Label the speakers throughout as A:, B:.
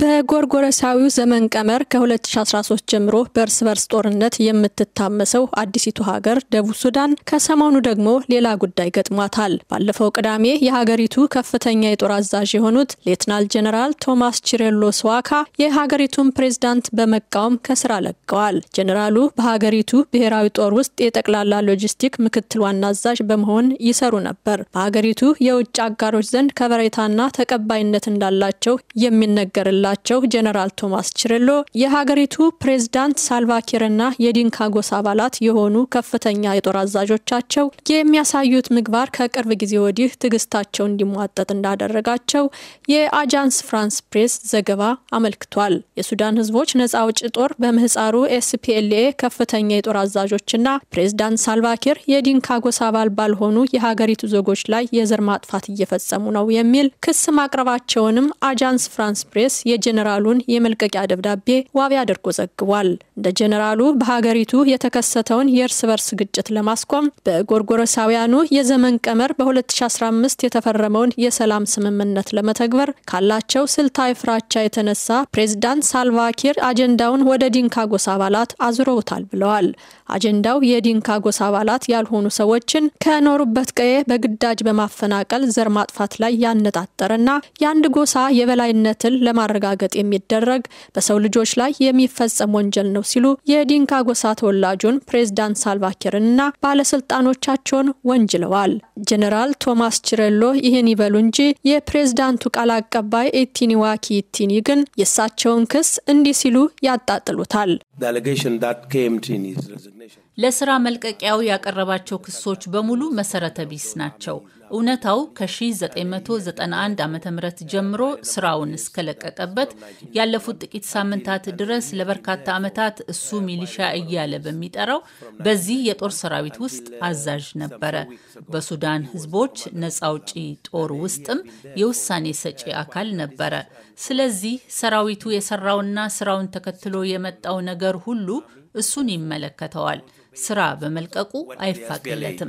A: በጎርጎረሳዊው ዘመን ቀመር ከ2013 ጀምሮ በእርስ በርስ ጦርነት የምትታመሰው አዲሲቱ ሀገር ደቡብ ሱዳን ከሰሞኑ ደግሞ ሌላ ጉዳይ ገጥሟታል። ባለፈው ቅዳሜ የሀገሪቱ ከፍተኛ የጦር አዛዥ የሆኑት ሌትናል ጀኔራል ቶማስ ቺሬሎ ስዋካ የሀገሪቱን ፕሬዝዳንት በመቃወም ከስራ ለቀዋል። ጀኔራሉ በሀገሪቱ ብሔራዊ ጦር ውስጥ የጠቅላላ ሎጂስቲክ ምክትል ዋና አዛዥ በመሆን ይሰሩ ነበር። በሀገሪቱ የውጭ አጋሮች ዘንድ ከበሬታና ተቀባይነት እንዳላቸው የሚነገርላቸው የምንላቸው ጀነራል ቶማስ ችርሎ የሀገሪቱ ፕሬዝዳንት ሳልቫኪርና የዲንካ ጎሳ አባላት የሆኑ ከፍተኛ የጦር አዛዦቻቸው የሚያሳዩት ምግባር ከቅርብ ጊዜ ወዲህ ትዕግስታቸው እንዲሟጠጥ እንዳደረጋቸው የአጃንስ ፍራንስ ፕሬስ ዘገባ አመልክቷል። የሱዳን ህዝቦች ነጻ አውጭ ጦር በምህፃሩ ኤስፒኤልኤ ከፍተኛ የጦር አዛዦችና ፕሬዝዳንት ሳልቫኪር የዲንካ ጎሳ አባል ባልሆኑ የሀገሪቱ ዜጎች ላይ የዘር ማጥፋት እየፈጸሙ ነው የሚል ክስ ማቅረባቸውንም አጃንስ ፍራንስ ፕሬስ የጄኔራሉን የመልቀቂያ ደብዳቤ ዋቢ አድርጎ ዘግቧል። እንደ ጄኔራሉ በሀገሪቱ የተከሰተውን የእርስ በርስ ግጭት ለማስቆም በጎርጎረሳውያኑ የዘመን ቀመር በ2015 የተፈረመውን የሰላም ስምምነት ለመተግበር ካላቸው ስልታዊ ፍራቻ የተነሳ ፕሬዚዳንት ሳልቫኪር አጀንዳውን ወደ ዲንካ ጎሳ አባላት አዙረውታል ብለዋል። አጀንዳው የዲንካ ጎሳ አባላት ያልሆኑ ሰዎችን ከኖሩበት ቀዬ በግዳጅ በማፈናቀል ዘር ማጥፋት ላይ ያነጣጠረና የአንድ ጎሳ የበላይነትን ለማረጋገጥ ለማረጋገጥ የሚደረግ በሰው ልጆች ላይ የሚፈጸም ወንጀል ነው ሲሉ የዲንካ ጎሳ ተወላጁን ፕሬዝዳንት ሳልቫኪርንና ባለስልጣኖቻቸውን ወንጅለዋል። ጀኔራል ቶማስ ችሬሎ ይህን ይበሉ እንጂ የፕሬዝዳንቱ ቃል አቀባይ ኤቲኒዋኪ ኢቲኒ ግን የእሳቸውን ክስ እንዲህ ሲሉ ያጣጥሉታል።
B: ለስራ መልቀቂያው ያቀረባቸው ክሶች በሙሉ መሰረተ ቢስ ናቸው። እውነታው ከ1991 ዓ ም ጀምሮ ስራውን እስከለቀቀበት ያለፉት ጥቂት ሳምንታት ድረስ ለበርካታ ዓመታት እሱ ሚሊሻ እያለ በሚጠራው በዚህ የጦር ሰራዊት ውስጥ አዛዥ ነበረ። በሱዳን ህዝቦች ነፃ አውጪ ጦር ውስጥም የውሳኔ ሰጪ አካል ነበረ። ስለዚህ ሰራዊቱ የሰራውና ስራውን ተከትሎ የመጣው ነገር ሁሉ እሱን ይመለከተዋል። ስራ በመልቀቁ አይፋገለትም።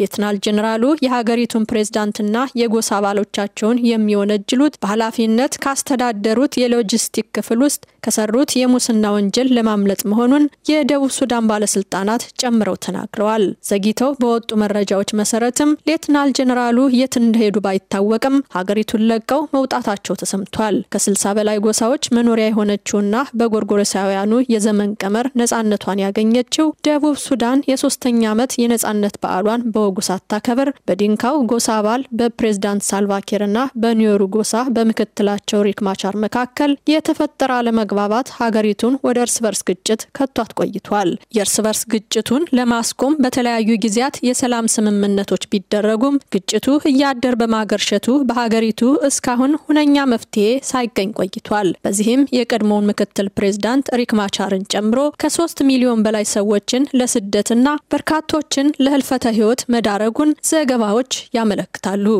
A: ሌትናል ጀኔራሉ የሀገሪቱን ፕሬዝዳንትና የጎሳ አባሎቻቸውን የሚወነጅሉት በኃላፊነት ካስተዳደሩት የሎጂስቲክ ክፍል ውስጥ ከሰሩት የሙስና ወንጀል ለማምለጥ መሆኑን የደቡብ ሱዳን ባለስልጣናት ጨምረው ተናግረዋል። ዘግይተው በወጡ መረጃዎች መሰረትም ሌትናል ጀኔራሉ የት እንደሄዱ ባይታወቅም ሀገሪቱን ለቀው መውጣታቸው ተሰምቷል። ከ60 በላይ ጎሳዎች መኖሪያ የሆነችውና በጎርጎረሳውያኑ የዘመን ቀመር ነጻነቷን ያገኘችው ደቡብ ሱዳን የሶስተኛ ዓመት የነጻነት በዓሏን በወጉ ሳታከብር በዲንካው ጎሳ አባል በፕሬዝዳንት ና በኒዮሩ ጎሳ በምክትላቸው ሪክ ማቻር መካከል የተፈጠረ አለመግባባት ሀገሪቱን ወደ እርስ በርስ ግጭት ከቷት ቆይቷል። የእርስ በርስ ግጭቱን ለማስቆም በተለያዩ ጊዜያት የሰላም ስምምነቶች ቢደረጉም ግጭቱ እያደር በማገርሸቱ በሀገሪቱ እስካሁን ሁነኛ መፍትሄ ሳይገኝ ቆይቷል። በዚህም የቀድሞውን ምክትል ፕሬዝዳንት ሪክ ማቻርን ጨምሮ ከሶስት ሚሊዮን በላይ ሰዎችን ለስደትና በርካቶችን ለህልፈተ ህይወት መዳረጉን ዘገባዎች ያመለክታሉ።